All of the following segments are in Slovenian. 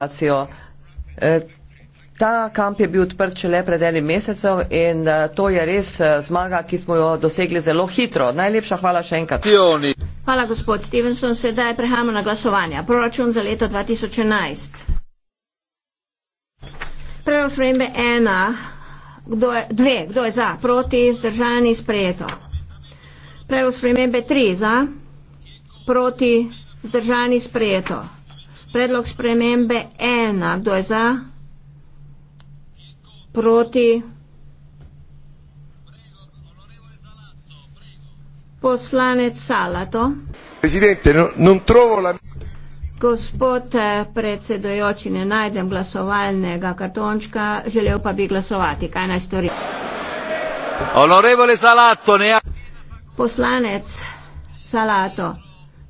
organizacijo. E, ta kamp je bil odprt šele pred enim mesecem in e, to je res e, zmaga, ki smo jo dosegli zelo hitro. Najlepša hvala še enkrat. Hvala, gospod Stevenson. Sedaj prehajamo na glasovanje. Proračun za leto 2011. Prva sprejembe ena, kdo je, dve, kdo je za, proti, vzdržani, sprejeto. Prva sprejembe tri, za, proti, vzdržani, sprejeto predlog spremembe ena, kdo je za, proti, poslanec Salato. No, Gospod eh, predsedojoči, ne najdem glasovalnega kartončka, želel pa bi glasovati. Kaj naj stori? Poslanec Salato,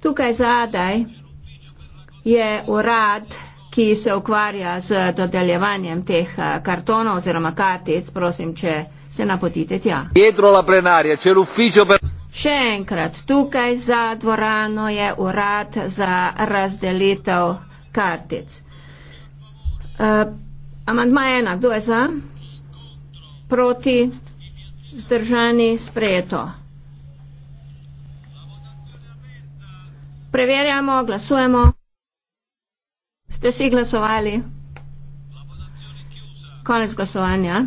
tukaj zadaj. Za je urad, ki se ukvarja z dodeljevanjem teh eh, kartonov oziroma kartic, prosim, če se napotite tja. Še enkrat, tukaj za dvorano je urad za razdelitev kartic. Uh, amandma je enak, kdo je za? Proti, zdržani, sprejeto. Preverjamo, glasujemo. Ste vsi glasovali? Konec glasovanja.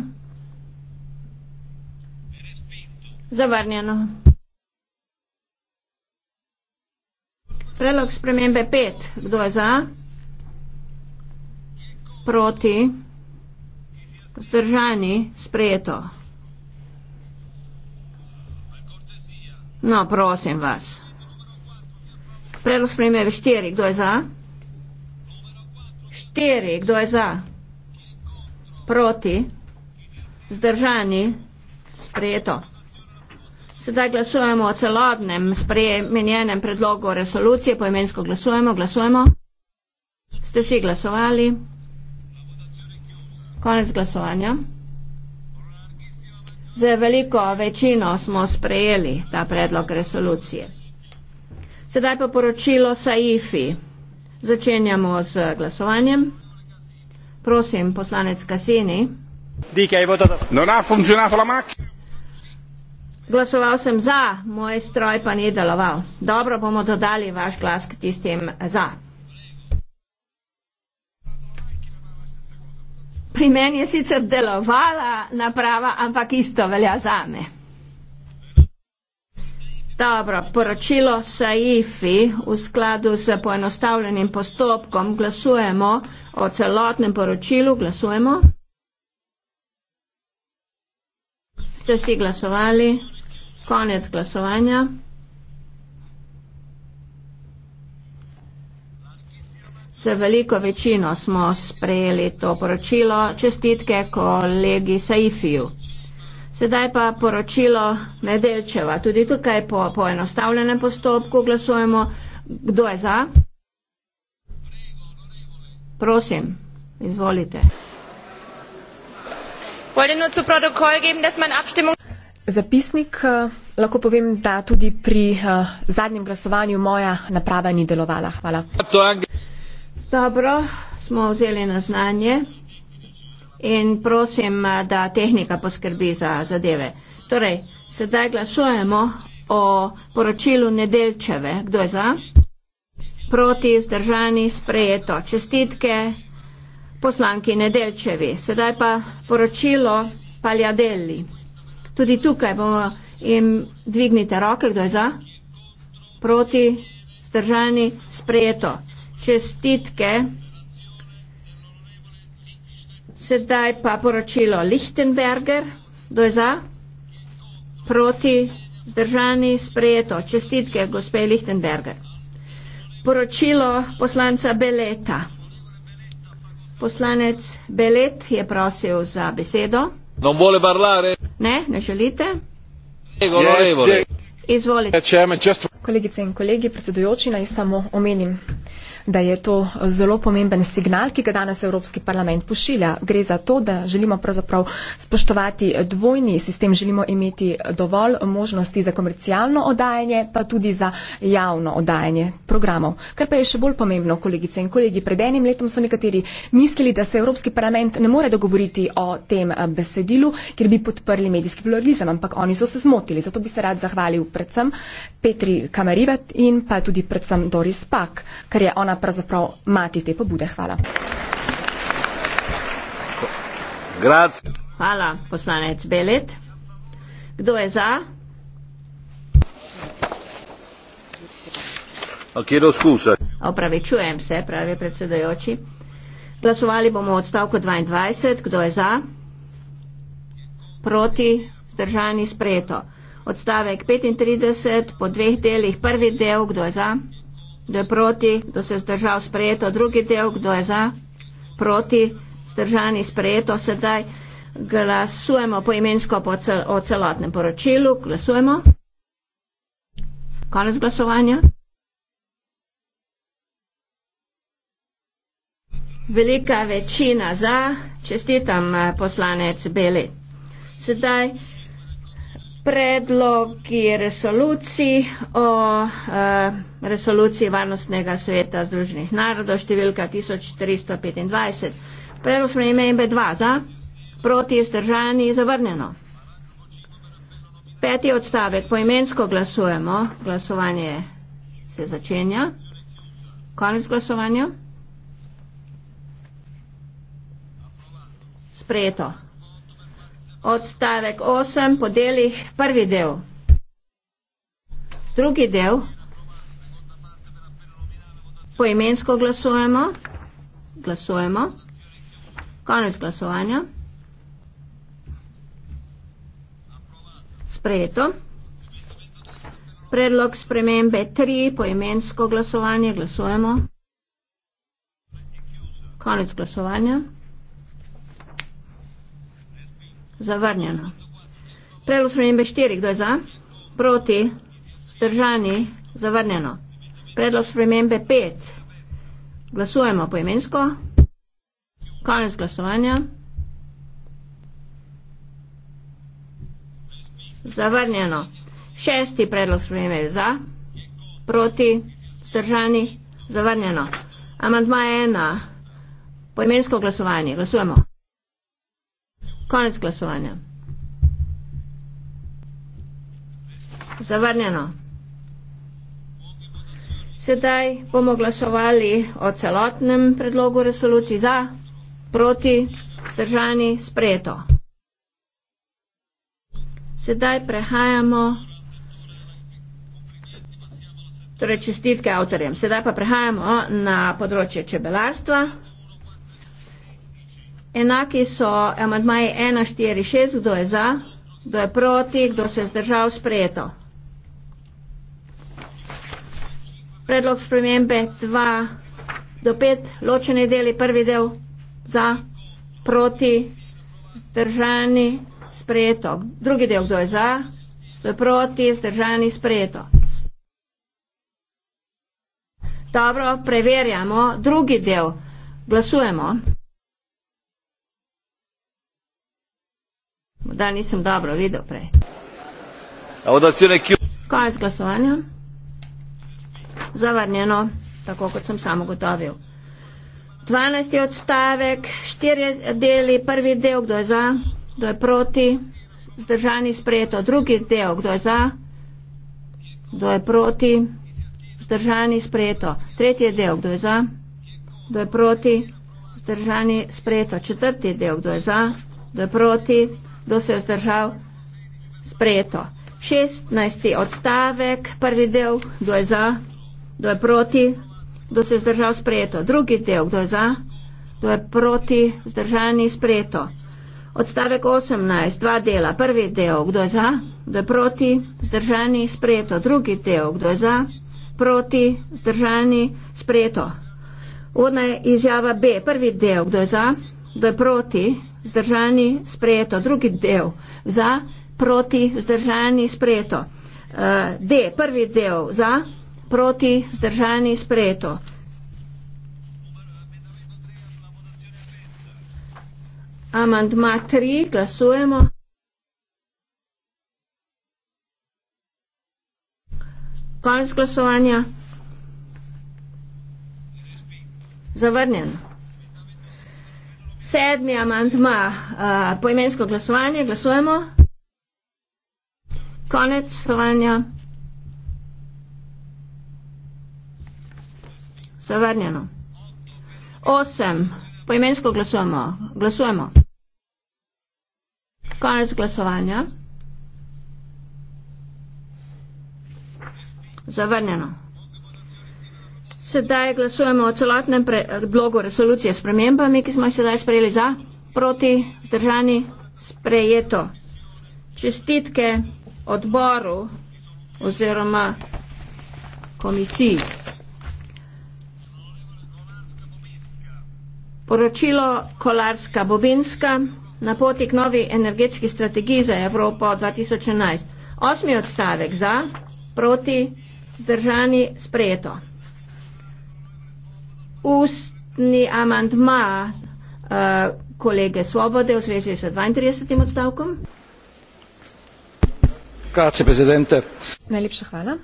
Zavrnjeno. Predlog spremembe 5. Kdo je za? Proti? Zdržani? Sprejeto. No, prosim vas. Predlog spremembe 4. Kdo je za? Štiri. Kdo je za? Proti. Zdržani. Sprejeto. Sedaj glasujemo o celotnem spremenjenem predlogu resolucije. Poimensko glasujemo. Glasujemo. Ste si glasovali? Konec glasovanja. Z veliko večino smo sprejeli ta predlog resolucije. Sedaj pa poročilo Saifi. Začenjamo z glasovanjem. Prosim, poslanec Kaseni. Glasoval sem za, moj stroj pa ni deloval. Dobro bomo dodali vaš glas k tistim za. Pri meni je sicer delovala naprava, ampak isto velja za me. Dobro, poročilo Saifi v skladu s poenostavljenim postopkom glasujemo o celotnem poročilu, glasujemo. Ste vsi glasovali? Konec glasovanja. Z veliko večino smo sprejeli to poročilo. Čestitke kolegi Saifiju. Sedaj pa poročilo Medelčeva. Tudi tukaj po poenostavljenem postopku glasujemo. Kdo je za? Prosim, izvolite. Zapisnik eh, lahko povem, da tudi pri uh, zadnjem glasovanju moja naprava ni delovala. Hvala. Dobro, smo vzeli na znanje in prosim, eh, da tehnika poskrbi za zadeve. Torej, sedaj glasujemo o poročilu Nedelčeve. Kdo je za? Proti, vzdržani, sprejeto. Čestitke poslanki Nedelčevi. Sedaj pa poročilo Paljadeli. Tudi tukaj bomo jim dvignite roke. Kdo je za? Proti, vzdržani, sprejeto. Čestitke. Sedaj pa poročilo Lichtenberger, kdo je za? Proti zdržani sprejeto. Čestitke, gospe Lichtenberger. Poročilo poslanca Beleta. Poslanec Belet je prosil za besedo. Non vuole parlare. Ne, ne želite. Yes, Izvolite. Kolegice in kolegi, predsedujoči, naj samo omenim, da je to zelo pomemben signal, ki ga danes Evropski parlament pošilja. Gre za to, da želimo pravzaprav spoštovati dvojni sistem, želimo imeti dovolj možnosti za komercialno oddajanje, pa tudi za javno oddajanje programov. Kar pa je še bolj pomembno, kolegice in kolegi, pred enim letom so nekateri mislili, da se Evropski parlament ne more dogovoriti o tem eh, besedilu, ker bi podprli medijski pluralizem, ampak oni so se zmotili. Zato bi se rad zahvalil predvsem Petri Kamarivet in pa tudi predvsem Doris Pak, ker je ona pravzaprav mati te pobude. Hvala. Grac. Hvala, poslanec Belet. Kdo je za? Opravičujem se, pravi predsedajoči. Glasovali bomo odstavko 22. Kdo je za? Proti, zdržani, sprejeto. Odstavek 35 po dveh delih. Prvi del, kdo je za? kdo je proti, kdo se je zdržal sprejeto, drugi del, kdo je za, proti, zdržani sprejeto, sedaj glasujemo poimensko po cel, o celotnem poročilu, glasujemo. Konec glasovanja. Velika večina za, čestitam eh, poslanec Beli. Sedaj predlog je resoluciji o e, resoluciji Varnostnega sveta Združenih narodov številka 1325. Predlog spremembe je 2 za, proti je zdržani zavrnjeno. Peti odstavek, poimensko glasujemo, glasovanje se začenja. Konec glasovanja. Sprejeto odstavek 8 po delih prvi del. Drugi del. Poimensko glasujemo. Glasujemo. Konec glasovanja. Sprejeto. Predlog spremembe 3. Poimensko glasovanje. Glasujemo. Konec glasovanja zavrnjeno. Predlog spremembe 4, kdo je za? Proti, vzdržani, zavrnjeno. Predlog spremembe 5, glasujemo poimensko. Konec glasovanja. Zavrnjeno. Šesti predlog spremembe je za, proti, vzdržani, zavrnjeno. Amandma 1, poimensko glasovanje, glasujemo. Konec glasovanja. Zavrnjeno. Sedaj bomo glasovali o celotnem predlogu resoluciji za, proti, zdržani, sprejeto. Sedaj prehajamo. Torej čestitke avtorjem. Sedaj pa prehajamo na področje čebelarstva. Enaki so amadmaji 1, 4, 6, kdo je za, kdo je proti, kdo se je zdržal sprejeto. Predlog spremembe 2 do 5, ločeni deli, prvi del za, proti, zdržani, sprejeto. Drugi del, kdo je za, kdo je proti, zdržani, sprejeto. Dobro, preverjamo. Drugi del. Glasujemo. Da nisem dobro videl prej. Konec glasovanja. Zavrnjeno, tako kot sem samo gotovil. 12. odstavek, 4 deli, prvi del, kdo je za, kdo je proti, zdržani sprejeto, drugi del, kdo je za, kdo je proti, zdržani sprejeto, tretji del, kdo je za, kdo je proti, zdržani sprejeto, četrti del, kdo je za, kdo je proti kdo se je zdržal, sprejeto. 16. odstavek, prvi del, kdo je za, kdo je proti, kdo se je zdržal, sprejeto. Drugi del, kdo je za, kdo je proti, zdržani, sprejeto. Odstavek 18, dva dela. Prvi del, kdo je za, kdo je proti, zdržani, sprejeto. Drugi del, kdo je za, proti, zdržani, sprejeto. Uvodna izjava B, prvi del, kdo je za, kdo je proti, vzdržani, sprejeto. Drugi del, za, proti, vzdržani, sprejeto. Uh, D, prvi del, za, proti, vzdržani, sprejeto. Amandma 3, glasujemo. Konec glasovanja. Zavrnjeno. Sedmi amantma, uh, poimensko glasovanje, glasujemo. Konec glasovanja. Zavrnjeno. Osem, poimensko glasujemo, glasujemo. Konec glasovanja. Zavrnjeno. Sedaj glasujemo o celotnem predlogu resolucije s premembami, ki smo jih sedaj sprejeli za, proti, zdržani, sprejeto. Čestitke odboru oziroma komisiji. Poročilo Kolarska Bobinska na poti k novi energetski strategiji za Evropo 2011. Osmi odstavek za, proti, zdržani, sprejeto ustni amandma uh, kolege Svobode v zvezi s 32. odstavkom. Najlepša hvala.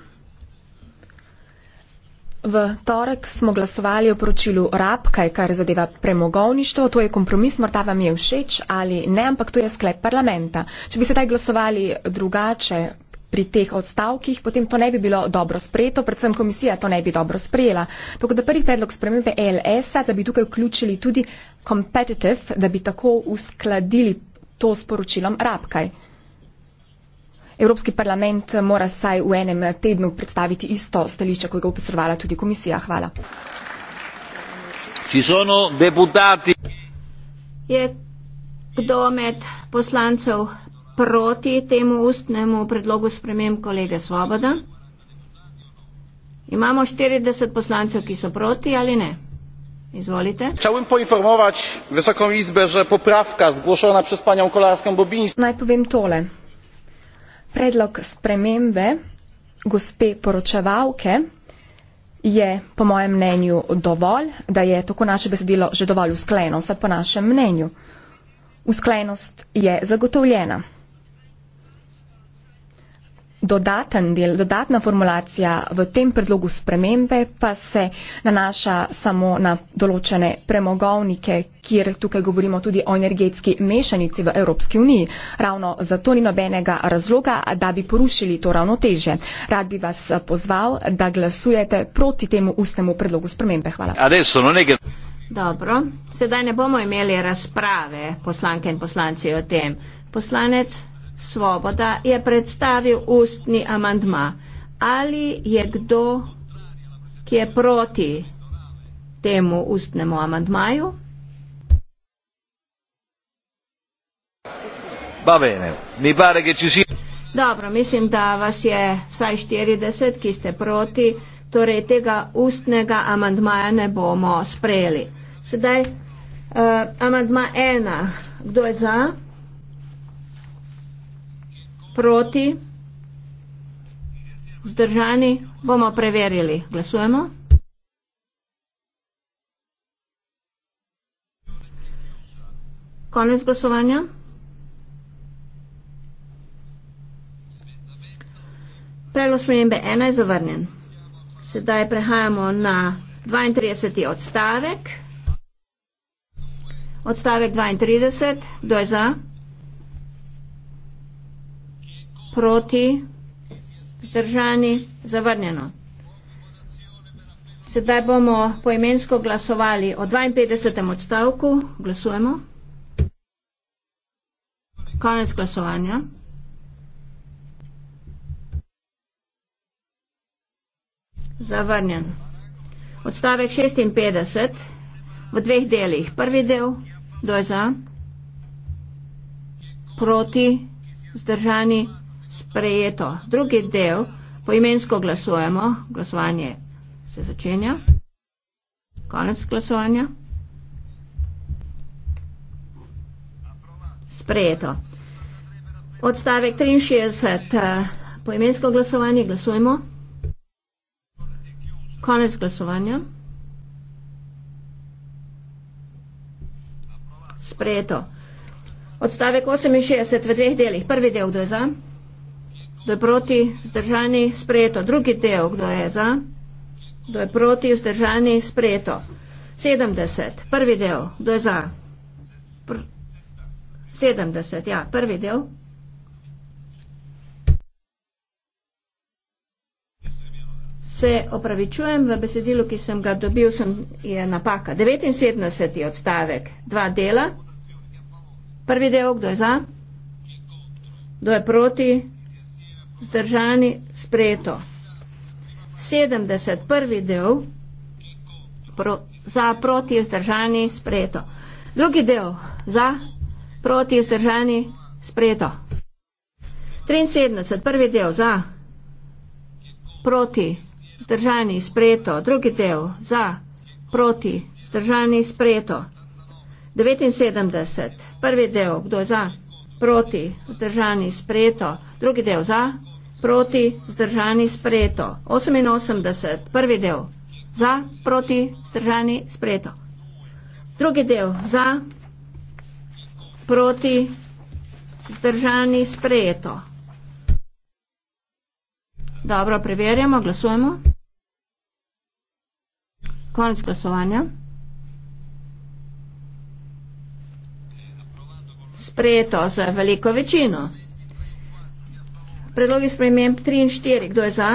V torek smo glasovali o poročilu RAP, kaj kar zadeva premogovništvo. To je kompromis, morda vam je všeč ali ne, ampak to je sklep parlamenta. Če bi se taj glasovali drugače, pri teh odstavkih, potem to ne bi bilo dobro sprejeto, predvsem komisija to ne bi dobro sprejela. Tako da prvi predlog spremembe ELS-a, da bi tukaj vključili tudi competitive, da bi tako uskladili to s poročilom Rabkaj. Evropski parlament mora saj v enem tednu predstaviti isto stališče, kot ga je posredovala tudi komisija. Hvala. Je kdo med poslancev proti temu ustnemu predlogu spremem kolege Svoboda? Imamo 40 poslancev, ki so proti ali ne? Izvolite. Chciałbym poinformować Wysoką Izbę, że poprawka zgłoszona przez panią Kolarską Bobińską. Najpowiem tole. Predlog spremembe gospe poročevalke je po mojem mnenju dovolj, da je tako naše besedilo že dovolj usklajeno, vsaj po našem mnenju. Usklajenost je zagotovljena dodaten del, dodatna formulacija v tem predlogu spremembe pa se nanaša samo na določene premogovnike, kjer tukaj govorimo tudi o energetski mešanici v Evropski uniji. Ravno zato ni nobenega razloga, da bi porušili to ravnoteže. Rad bi vas eh, pozval, da glasujete proti temu ustnemu predlogu spremembe. Hvala. Dobro, sedaj ne bomo imeli razprave poslanke in poslanci o tem. Poslanec Svoboda je predstavil ustni amandma. Ali je kdo, ki je proti temu ustnemu amandmaju? Dobro, mislim, da vas je vsaj 40, ki ste proti, torej tega ustnega amandmaja ne bomo sprejeli. Sedaj, uh, amandma ena, kdo je za? proti, vzdržani, bomo preverili. Glasujemo. Konec glasovanja. Predlog spremembe 1 je zavrnjen. Sedaj prehajamo na 32. odstavek. Odstavek 32. Kdo je za? proti, vzdržani, zavrnjeno. Sedaj bomo poimensko glasovali o 52. odstavku. Glasujemo. Konec glasovanja. Zavrnjen. Odstavek 56 v dveh delih. Prvi del, kdo je za? Proti, zdržani, sprejeto. Drugi del, poimensko glasujemo, glasovanje se začenja. Konec glasovanja. Sprejeto. Odstavek 63. Eh, poimensko glasovanje glasujemo. Konec glasovanja. Sprejeto. Odstavek 68 v dveh delih. Prvi del, kdo je za? Kdo je proti? Zdržani? Sprejeto. Drugi del, kdo je za? Kdo je proti? Zdržani? Sprejeto. 70. Prvi del, kdo je za? Pr 70. Ja, prvi del. Se opravičujem, v besedilu, ki sem ga dobil, sem, je napaka. 79. odstavek, dva dela. Prvi del, kdo je za? Kdo je proti? Zdržani sprejeto. 70 prvi del pro, za proti zdržani sprejeto. Drugi del za proti zdržani sprejeto. 73 prvi del za proti zdržani sprejeto. Drugi del za proti zdržani sprejeto. 79 prvi del kdo je za proti, vzdržani, sprejeto, drugi del za, proti, vzdržani, sprejeto, 88, prvi del za, proti, vzdržani, sprejeto, drugi del za, proti, vzdržani, sprejeto. Dobro, preverjamo, glasujemo. Konec glasovanja. sprejeto z veliko večino. Predlogi sprememb 3 in 4. Kdo je za?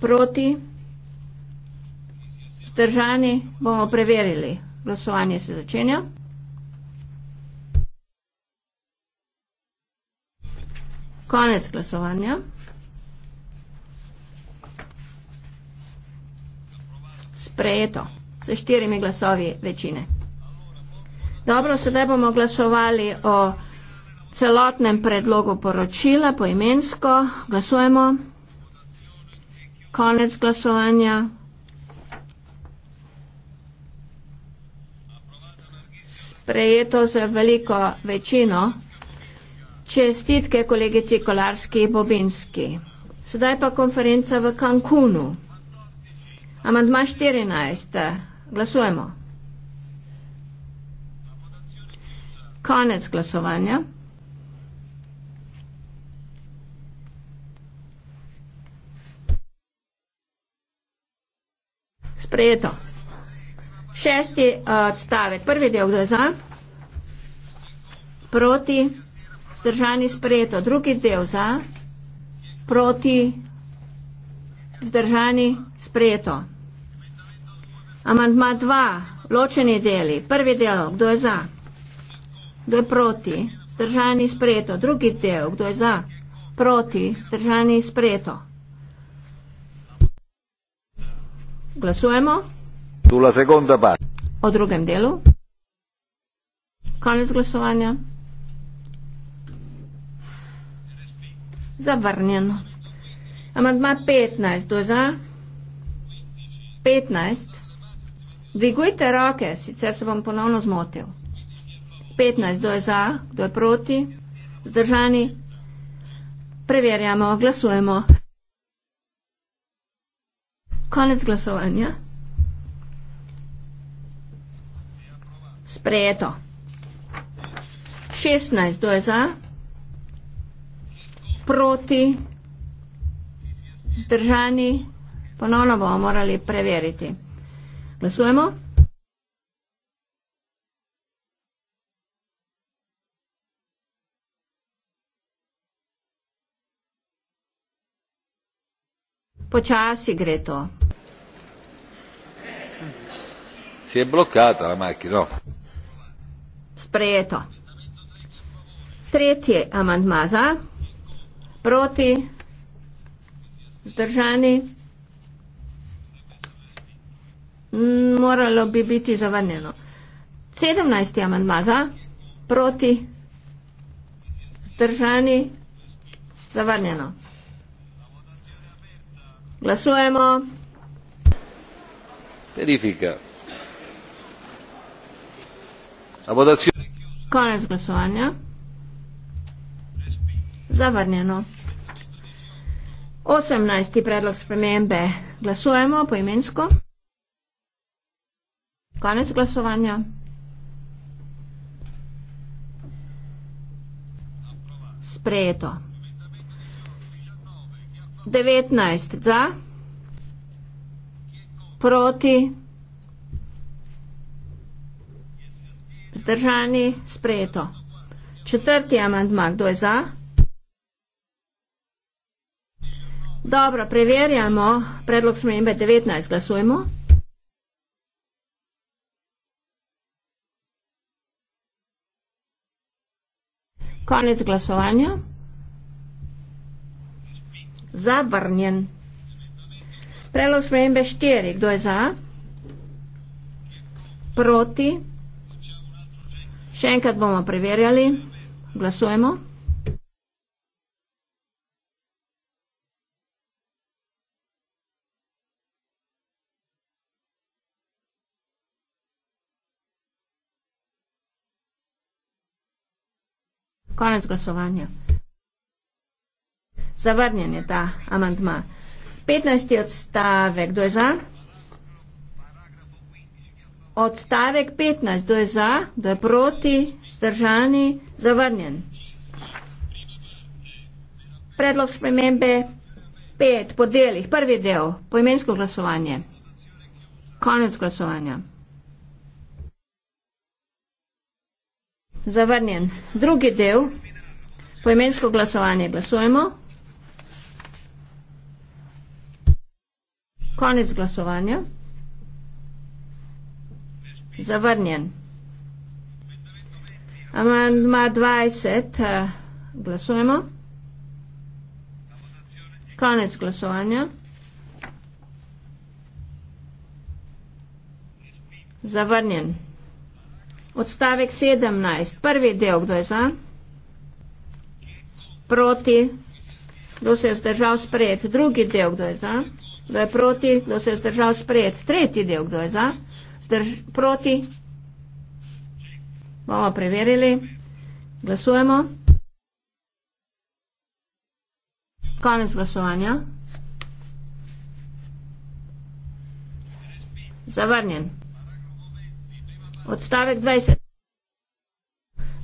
Proti? Zdržani? Bomo preverili. Glasovanje se začenja. Konec glasovanja. Sprejeto. Se štirimi glasovi večine. Dobro, sedaj bomo glasovali o celotnem predlogu poročila po imensko. Glasujemo. Konec glasovanja. Prejeto za veliko večino. Čestitke kolegici Kolarski in Bobinski. Sedaj pa konferenca v Cancunu. Amandma 14. Glasujemo. Konec glasovanja. Sprejeto. Šesti eh, odstavek. Prvi del, kdo je za? Proti. Zdržani sprejeto. Drugi del za. Proti. Zdržani sprejeto. Amandma 2. Ločeni deli. Prvi del, kdo je za? Kdo je proti? Zdržani sprejeto. Drugi del. Kdo je za? Proti. Zdržani sprejeto. Glasujemo. O drugem delu. Konec glasovanja. Zavrnjeno. Amandma 15. Kdo je za? 15. Dvigujte roke, sicer se bom ponovno zmotil. 15, kdo je za, kdo je proti, vzdržani. Preverjamo, glasujemo. Konec glasovanja. Sprejeto. 16, kdo je za, proti, vzdržani. Ponovno bomo morali preveriti. Glasujemo. Počasi gre to. Si je blokata la macchina. No. Sprejeto. Tretji amandma za, proti, zdržani. Mm, moralo bi biti zavrnjeno. Sedemnajsti amandma za, proti, zdržani, zavrnjeno. Glasujemo. Verifica. Konec glasovanja. Zavrnjeno. 18. predlog spremembe. Glasujemo poimensko. Konec glasovanja. Sprejeto. 19 za, proti, zdržani, sprejeto. Četrti amandma, kdo je za? Dobro, preverjamo predlog smembe 19, glasujemo. Konec glasovanja. Zavrnjen. Predlog spremembe štiri. Kdo je za? Proti. Še enkrat bomo preverjali. Glasujemo. Konec glasovanja. Zavrnjen je ta amantma. 15. odstavek, kdo je za? Odstavek 15, kdo je za, kdo je proti, zdržani, zavrnjen. Predlog spremembe 5, po delih. Prvi del, poimensko glasovanje. Konec glasovanja. Zavrnjen. Drugi del, poimensko glasovanje, glasujemo. Konec glasovanja. Zavrnjen. Amandma 20. Eh, glasujemo. Konec glasovanja. Zavrnjen. Odstavek 17. Prvi del, kdo je za? Proti. Kdo se je zdržal sprejet? Drugi del, kdo je za? Proti kdo je proti, kdo se je zdržal sprejet. Tretji del, kdo je za, zdrž, proti. Bomo preverili. Glasujemo. Konec glasovanja. Zavrnjen. Odstavek 20.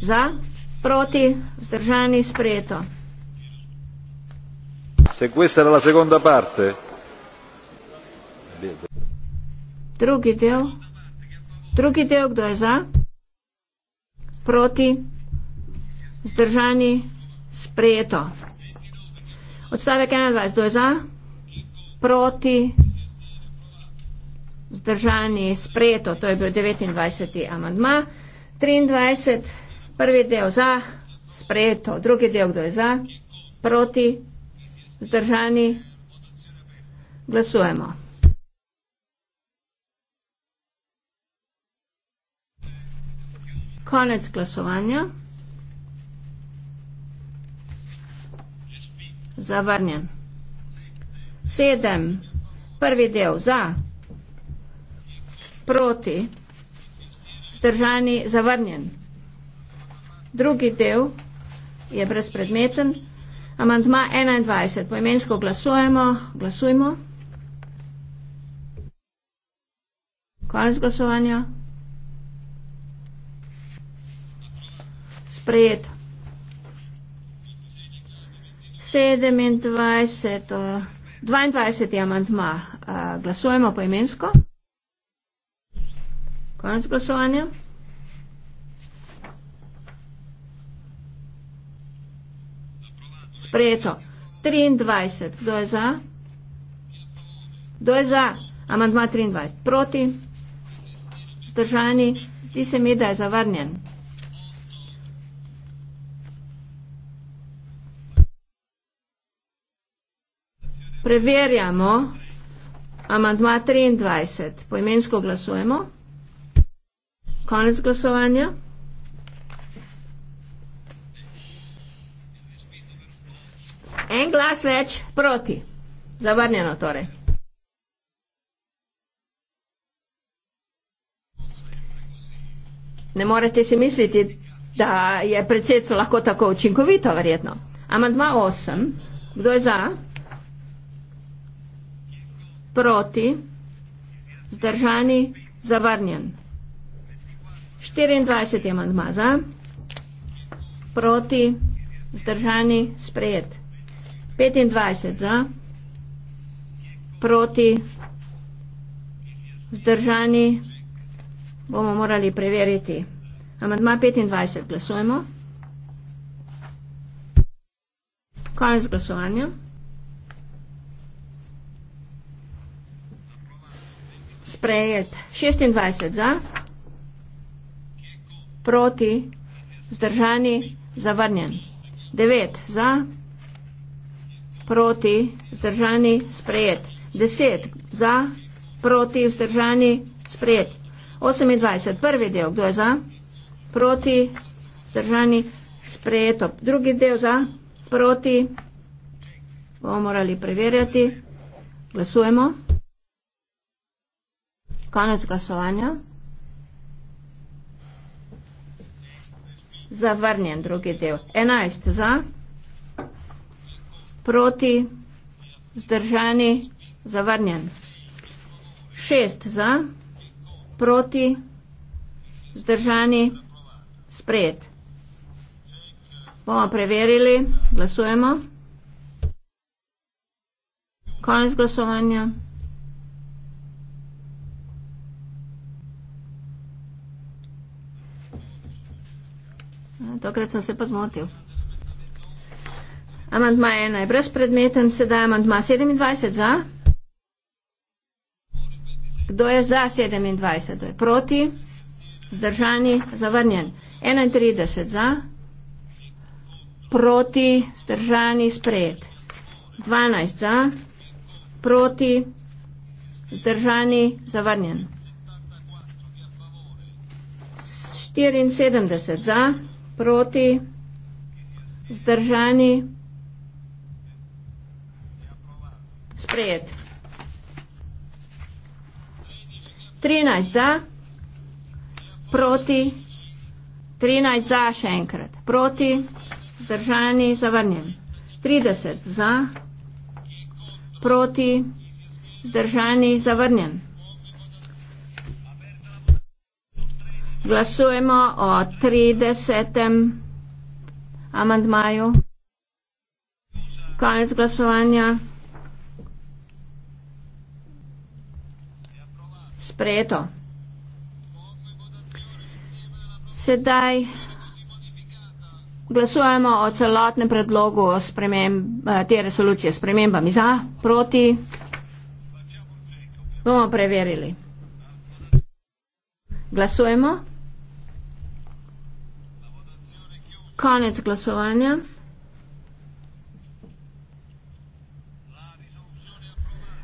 Za, proti, vzdržani, sprejeto. Se questa era la seconda parte. Drugi del. Drugi del, kdo je za? Proti? Zdržani? Sprejeto. Odstavek 21. Kdo je za? Proti? Zdržani? Sprejeto. To je bil 29. amandma. 23. Prvi del za? Sprejeto. Drugi del, kdo je za? Proti? Zdržani? Glasujemo. Konec glasovanja. Zavrnjen. Sedem. Prvi del. Za. Proti. Zdržani. Zavrnjen. Drugi del je brezpredmeten. Amantma 21. Poimensko glasujemo. Glasujmo. Konec glasovanja. sprejet. 27, 22 je amantma. Glasujemo po imensko. Konec glasovanja. Sprejeto. 23. Kdo je za? Kdo je za? Amantma 23. Proti? Zdržani? Zdi se mi, da je zavrnjen. Preverjamo amandma 23. Poimensko glasujemo. Konec glasovanja. En glas več proti. Zavrnjeno torej. Ne morete si misliti, da je predsedstvo lahko tako učinkovito, verjetno. Amandma 8. Kdo je za? proti, zdržani, zavrnjen. 24 je amandma za, proti, zdržani, sprejet. 25 za, proti, zdržani, bomo morali preveriti. Amandma 25 glasujemo. Konec glasovanja. sprejet 26 za, proti, zdržani, zavrnjen. 9 za, proti, zdržani, sprejet. 10 za, proti, zdržani, sprejet. 28, prvi del, kdo je za, proti, zdržani, sprejet. Drugi del za, proti, bomo morali preverjati. Glasujemo. Konec glasovanja. Zavrnjen drugi del. 11 za, proti, zdržani, zavrnjen. 6 za, proti, zdržani, sprejet. Bomo preverili, glasujemo. Konec glasovanja. Tokrat sem se pa zmotil. Amantma ena je brezpredmeten, sedaj amantma 27 za. Kdo je za 27? Kdo je proti? Zdržani, zavrnjen. 31 za. Proti, zdržani, sprejet. 12 za. Proti, zdržani, zavrnjen. 74 za proti, zdržani, sprejet. 13 za, proti, 13 za še enkrat, proti, zdržani, zavrnjen. 30 za, proti, zdržani, zavrnjen. Glasujemo o 30. amantmaju. Konec glasovanja. Sprejeto. Sedaj glasujemo o celotnem predlogu te resolucije s spremembami za, proti. Bomo preverili. Glasujemo. Konec glasovanja.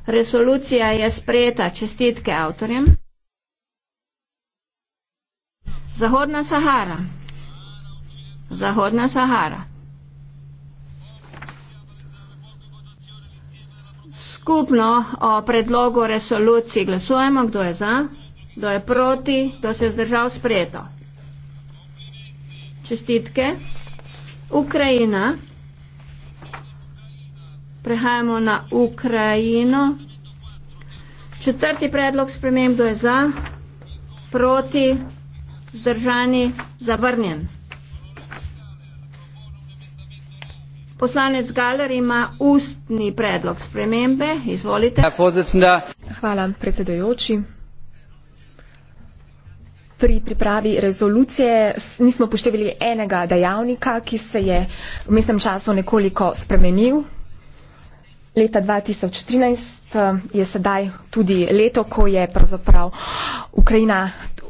Resolucija je sprejeta. Čestitke avtorjem. Zahodna Sahara. Zahodna Sahara. Skupno o predlogu resolucije glasujemo, kdo je za, kdo je proti, kdo se je zdržal sprejeto čestitke. Ukrajina. Prehajamo na Ukrajino. Četrti predlog spremembo je za, proti, zdržani, zavrnjen. Poslanec Galer ima ustni predlog spremembe. Izvolite. Hvala predsedojoči pri pripravi rezolucije nismo upoštevali enega dejavnika, ki se je v mestnem času nekoliko spremenil. Leta 2013 eh, je sedaj tudi leto, ko je pravzaprav Ukrajina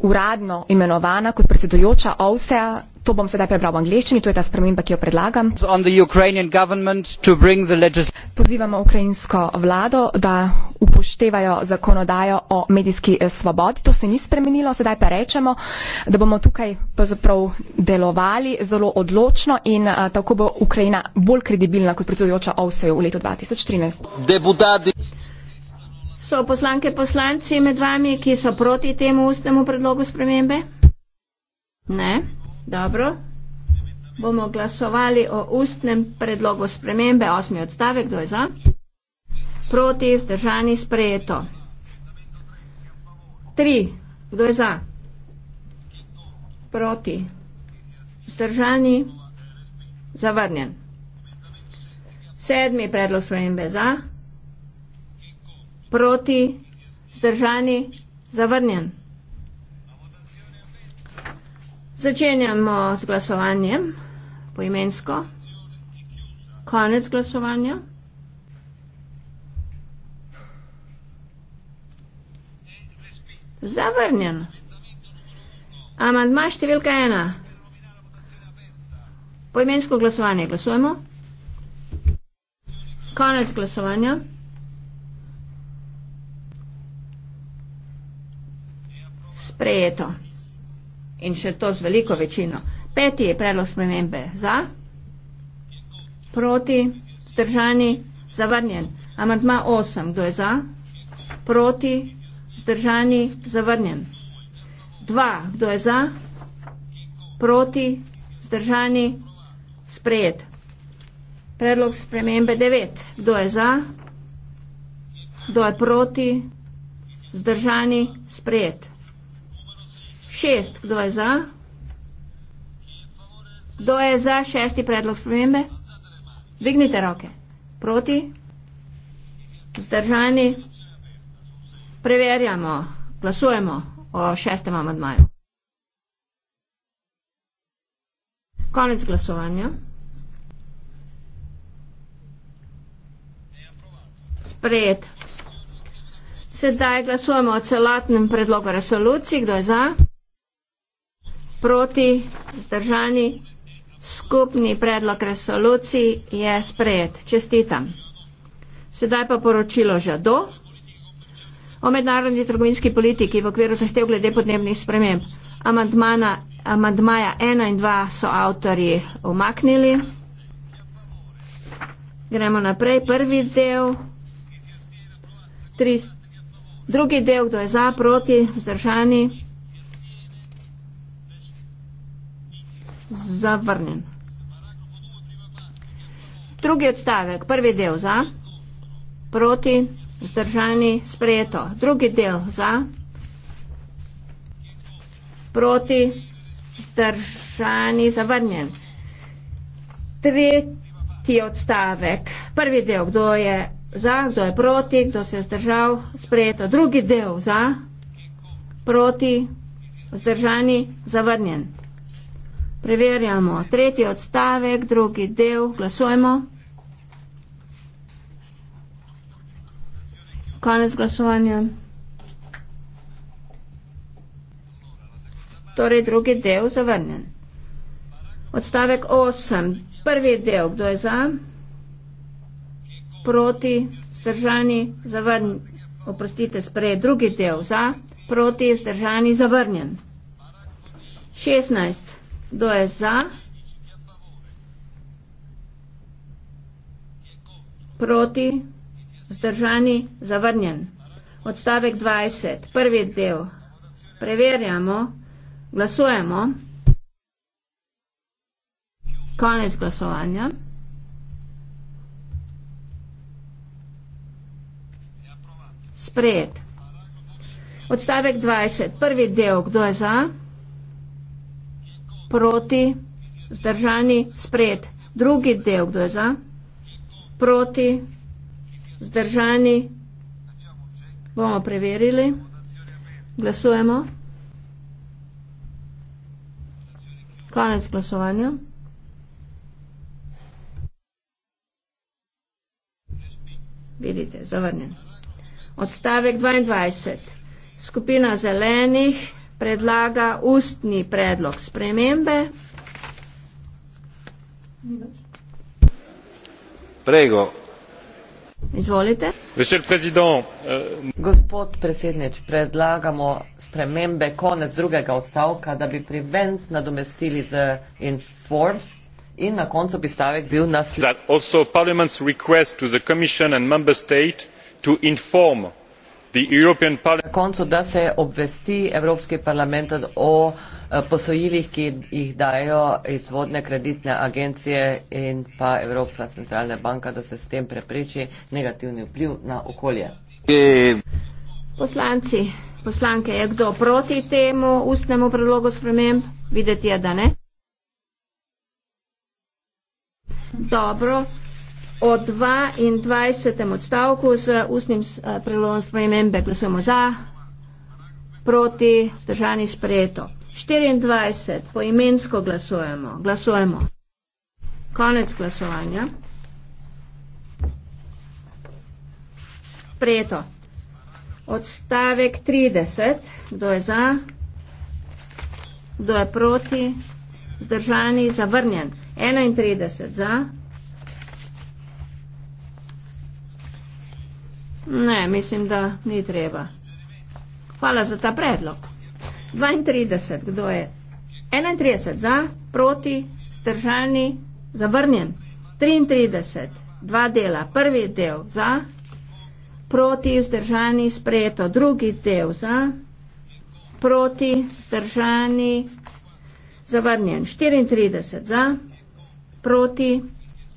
uradno imenovana kot predsedujoča OVSE-a to bom sedaj prebral v angleščini, to je ta sprememba, ki jo predlagam. Pozivamo ukrajinsko vlado, da upoštevajo zakonodajo o medijski eh, svobodi. To se ni spremenilo, sedaj pa rečemo, da bomo tukaj pravzaprav delovali zelo odločno in a, eh, tako bo Ukrajina bolj kredibilna kot predsedujoča OVSE-ju v letu 2013. Deputati. So poslanke poslanci med vami, ki so proti temu ustnemu predlogu spremembe? Ne. Dobro. Bomo glasovali o ustnem predlogu spremembe, osmi odstavek, kdo je za? Proti, vzdržani, sprejeto. Tri, kdo je za? Proti, vzdržani, zavrnjen. Sedmi predlog spremembe za? Proti, vzdržani, zavrnjen. Začenjamo z glasovanjem poimensko. Konec glasovanja. Zavrnjen. Amandma številka ena. Poimensko glasovanje glasujemo. Konec glasovanja. Sprejeto in še to z veliko večino. Peti je predlog spremembe za, proti, zdržani, zavrnjen. Amantma osem, kdo je za, proti, zdržani, zavrnjen. Dva, kdo je za, proti, zdržani, sprejet. Predlog spremembe devet, kdo je za, kdo je proti, zdržani, sprejet. Šest. Kdo je za? Kdo je za šesti predlog spremembe? Dvignite roke. Proti? Zdržani? Preverjamo. Glasujemo o šestem amadmaju. Konec glasovanja. Sprejet. Sedaj glasujemo o celotnem predlogu resolucije. Kdo je za? proti zdržani. Skupni predlog resolucij je sprejet. Čestitam. Sedaj pa poročilo Žado o mednarodni trgovinski politiki v okviru zahtev glede podnebnih sprememb. Amandmana, amandmaja 1 in 2 so avtori omaknili. Gremo naprej. Prvi del. Tri, drugi del, kdo je za, proti, vzdržani. zavrnjen. Drugi odstavek, prvi del za, proti, zdržani, sprejeto. Drugi del za, proti, zdržani, zavrnjen. Tretji odstavek, prvi del, kdo je za, kdo je proti, kdo se je zdržal, sprejeto. Drugi del za, proti, zdržani, zavrnjen. Preverjamo tretji odstavek, drugi del, glasujemo. Konec glasovanja. Torej drugi del zavrnjen. Odstavek 8. Prvi del, kdo je za? Proti, zdržani, zavrnjen. Oprostite, sprejet drugi del za, proti, zdržani, zavrnjen. 16. Kdo je za? Proti? Zdržani? Zavrnjen. Odstavek 20. Prvi del. Preverjamo. Glasujemo. Konec glasovanja. Sprejet. Odstavek 20. Prvi del. Kdo je za? proti, zdržani, sprejet. Drugi del, kdo je za, proti, zdržani, bomo preverili, glasujemo. Konec glasovanja. Vidite, zavrnjen. Odstavek 22. Skupina zelenih predlaga ustni predlog spremembe. Prego. Izvolite. Président, uh, Gospod predsednič, predlagamo spremembe konec drugega odstavka, da bi prevent nadomestili z inform in na koncu bi stavek bil naslednji. Na koncu, da se obvesti Evropski parlament o eh, posojilih, ki jih dajo izvodne kreditne agencije in pa Evropska centralna banka, da se s tem prepreči negativni vpliv na okolje. Poslanci, poslanke, je kdo proti temu ustnemu predlogu sprememb? Videti je, da ne. Dobro o 22. odstavku z ustnim eh, prelovom spremembe. Glasujemo za, proti, zdržani sprejeto. 24. Poimensko glasujemo. Glasujemo. Konec glasovanja. Sprejeto. Odstavek 30. Kdo je za? Kdo je proti? Zdržani, zavrnjen. 31 za. Ne, mislim, da ni treba. Hvala za ta predlog. 32, kdo je? 31 za, proti, stržani, zavrnjen. 33, dva dela. Prvi del za, proti, stržani, sprejeto. Drugi del za, proti, stržani, zavrnjen. 34 za, proti,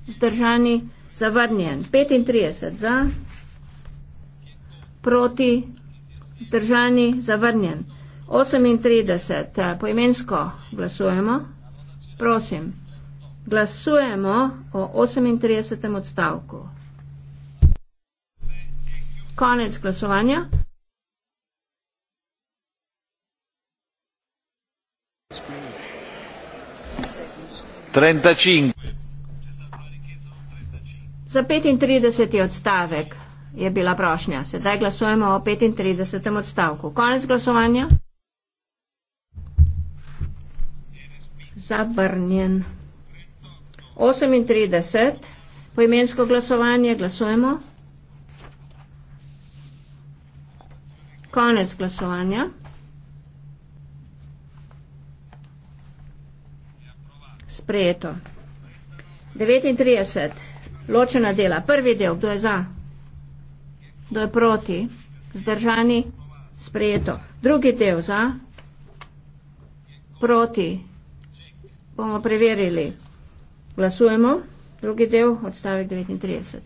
stržani, zavrnjen. 35 za, proti, zdržani, zavrnjen. 38, poimensko glasujemo. Prosim, glasujemo o 38. odstavku. Konec glasovanja. Za 35 je odstavek je bila prošnja. Sedaj glasujemo o 35. odstavku. Konec glasovanja. Zavrnjen. 38. Poimensko glasovanje. Glasujemo. Konec glasovanja. Sprejeto. 39. Ločena dela. Prvi del. Kdo je za? Kdo je proti? Zdržani? Sprejeto. Drugi del za? Proti? Bomo preverili. Glasujemo. Drugi del, odstavek 39.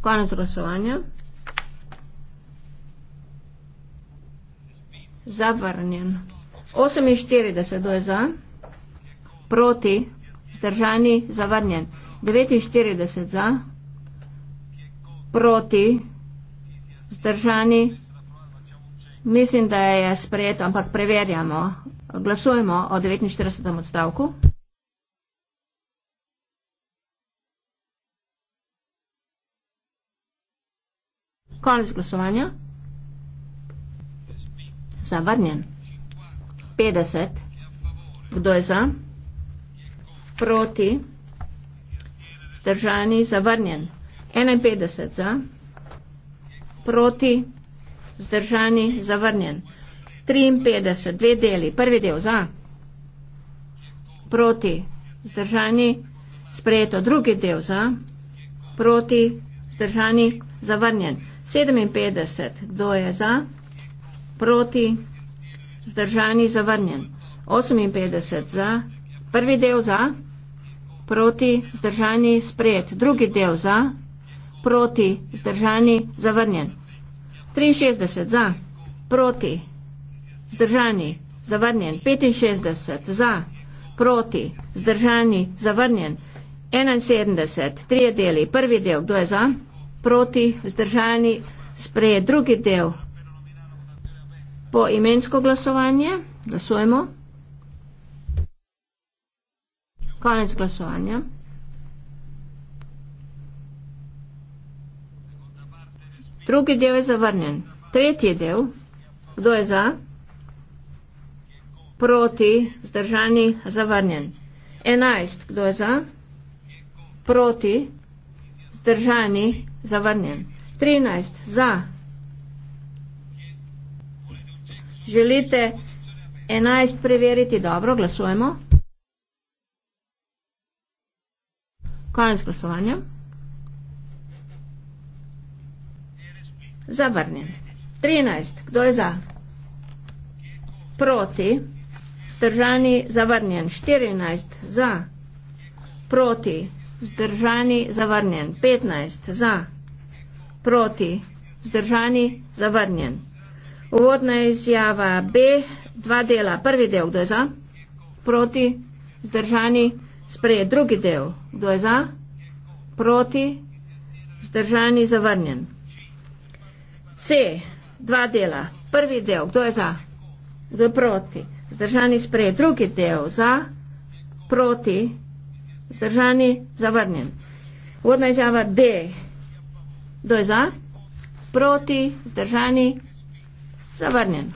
Konec glasovanja. Zavrnjen. 48, kdo je za? Proti? Zdržani? Zavrnjen. 49 za? proti zdržani. Mislim, da je sprejeto, ampak preverjamo. Glasujemo o 49. odstavku. Konec glasovanja. Zavrnjen. 50. Kdo je za? Proti. Zdržani. Zavrnjen. 51 za, proti, zdržani, zavrnjen. 53, dve deli, prvi del za, proti, zdržani, sprejeto, drugi del za, proti, zdržani, zavrnjen. 57, kdo je za, proti, zdržani, zavrnjen. 58 za, prvi del za, proti, zdržani, sprejet, drugi del za, proti, zdržani, zavrnjen. 63 za, proti, zdržani, zavrnjen. 65 za, proti, zdržani, zavrnjen. 71, trije deli, prvi del, kdo je za, proti, zdržani, sprejet, drugi del. Po imensko glasovanje glasujemo. Konec glasovanja. Drugi del je zavrnjen. Tretji del, kdo je za? Proti, zdržani, zavrnjen. Enajst, kdo je za? Proti, zdržani, zavrnjen. Trinajst, za. Želite enajst preveriti? Dobro, glasujemo. Konec glasovanja. Zavrnjen. 13. Kdo je za? Proti. Zdržani, zavrnjen. 14. Za. Proti. Zdržani, zavrnjen. 15. Za. Proti. Zdržani, zavrnjen. Uvodna izjava B. Dva dela. Prvi del, kdo je za? Proti. Zdržani, sprejet. Drugi del, kdo je za? Proti. Zdržani, zavrnjen. C, dva dela. Prvi del, kdo je za? Kdo je proti? Zdržani sprejet. Drugi del, za? Proti? Zdržani zavrnjen. Vodna izjava D. Kdo je za? Proti? Zdržani zavrnjen.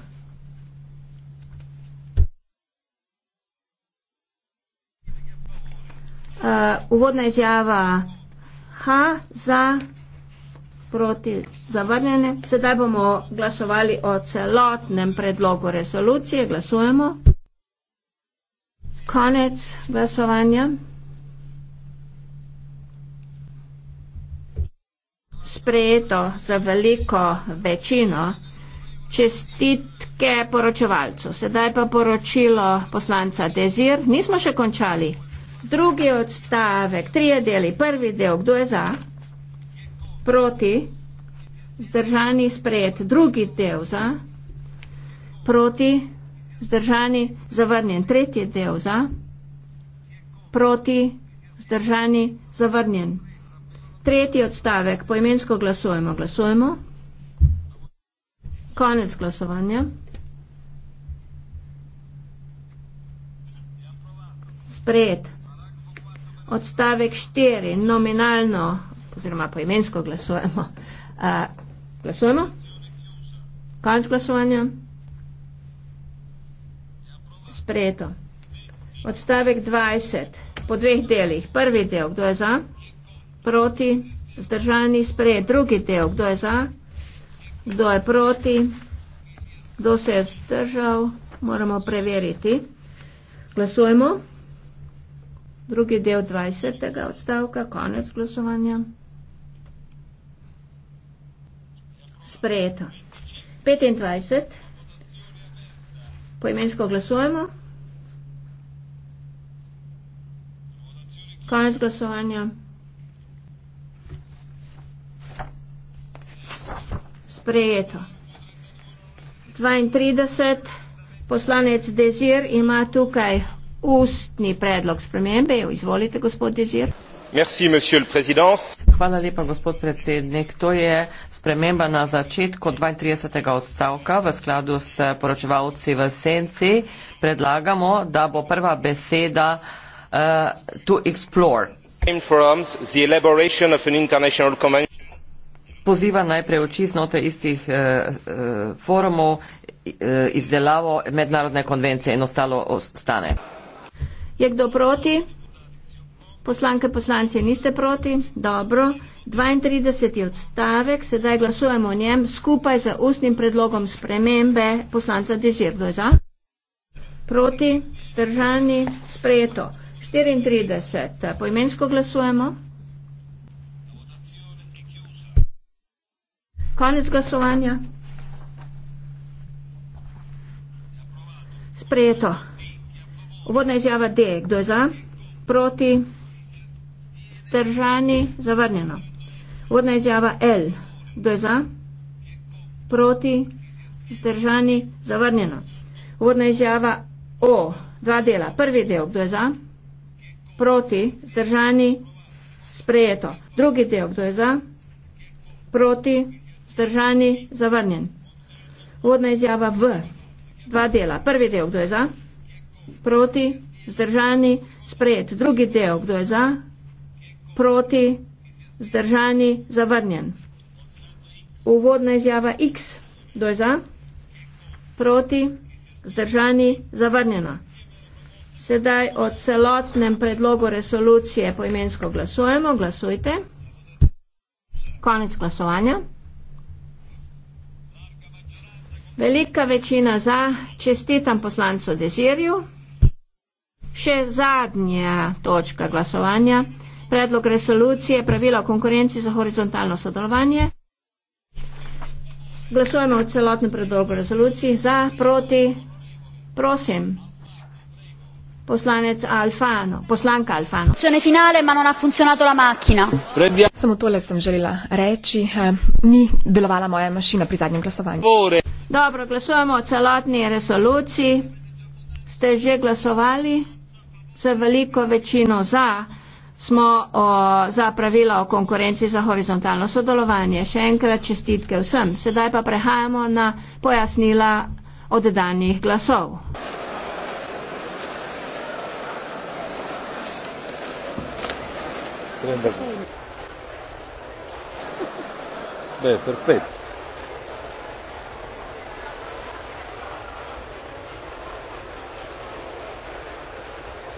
Uh, uvodna izjava H za proti zavrnjene. Sedaj bomo glasovali o celotnem predlogu resolucije. Glasujemo. Konec glasovanja. Sprejeto za veliko večino. Čestitke poročevalcu. Sedaj pa poročilo poslanca Dezir. Nismo še končali. Drugi odstavek, trije deli, prvi del, kdo je za? proti, zdržani sprejet, drugi del za, proti, zdržani zavrnjen, tretji del za, proti, zdržani zavrnjen. Tretji odstavek, poimensko glasujemo, glasujemo. Konec glasovanja. Sprejet. Odstavek 4. Nominalno oziroma poimensko glasujemo. Uh, glasujemo? Konc glasovanja? Sprejeto. Odstavek 20. Po dveh delih. Prvi del, kdo je za? Proti. Zdržani sprejet. Drugi del, kdo je za? Kdo je proti? Kdo se je zdržal? Moramo preveriti. Glasujemo. Drugi del 20. odstavka. Konec glasovanja. sprejeta. 25. Poimensko glasujemo. Konec glasovanja. Sprejeto. 32. Poslanec Dezir ima tukaj ustni predlog spremembe. Izvolite, gospod Dezir. Hvala lepa, gospod predsednik. To je sprememba na začetku 32. odstavka v skladu s poročevalci v senci. Predlagamo, da bo prva beseda uh, to explore. Poziva naj preuči znotraj istih uh, uh, forumov uh, izdelavo mednarodne konvencije in ostalo ostane. Je kdo proti? Poslanke poslanci niste proti? Dobro. 32. odstavek, sedaj glasujemo o njem skupaj z ustnim predlogom spremembe poslanca Dezirdo za. Proti, zdržani, sprejeto. 34. Poimensko glasujemo. Konec glasovanja. Sprejeto. Uvodna izjava D. Kdo je za? Proti. Stržani, zavrnjeno. Vodna izjava L. Kdo je za? Proti. Stržani, zavrnjeno. Vodna izjava O. Dva dela. Prvi del. Kdo je za? Proti. Stržani, sprejeto. Drugi del. Kdo je za? Proti. Stržani, zavrnjen. Vodna izjava V. Dva dela. Prvi del. Kdo je za? Proti. Zdržani, sprejet. Drugi del, kdo je za? proti, zdržani, zavrnjen. Uvodna izjava X, kdo je za, proti, zdržani, zavrnjena. Sedaj o celotnem predlogu resolucije poimensko glasujemo, glasujte. Konec glasovanja. Velika večina za, čestitam poslancu Dezirju. Še zadnja točka glasovanja predlog resolucije pravila o konkurenci za horizontalno sodelovanje. Glasujemo o celotnem predlogu resolucije za, proti, prosim. Poslanec Alfano, poslanka Alfano. Funkcione finale, ma non ha funzionato la macchina. Samo tole sem želela reči. Eh, ni delovala moja mašina pri zadnjem glasovanju. Dobro, glasujemo o celotni resoluciji. Ste že glasovali? Se veliko večino za smo o, za pravila o konkurenci za horizontalno sodelovanje. Še enkrat čestitke vsem. Sedaj pa prehajamo na pojasnila oddanih glasov. Beh, perfetto.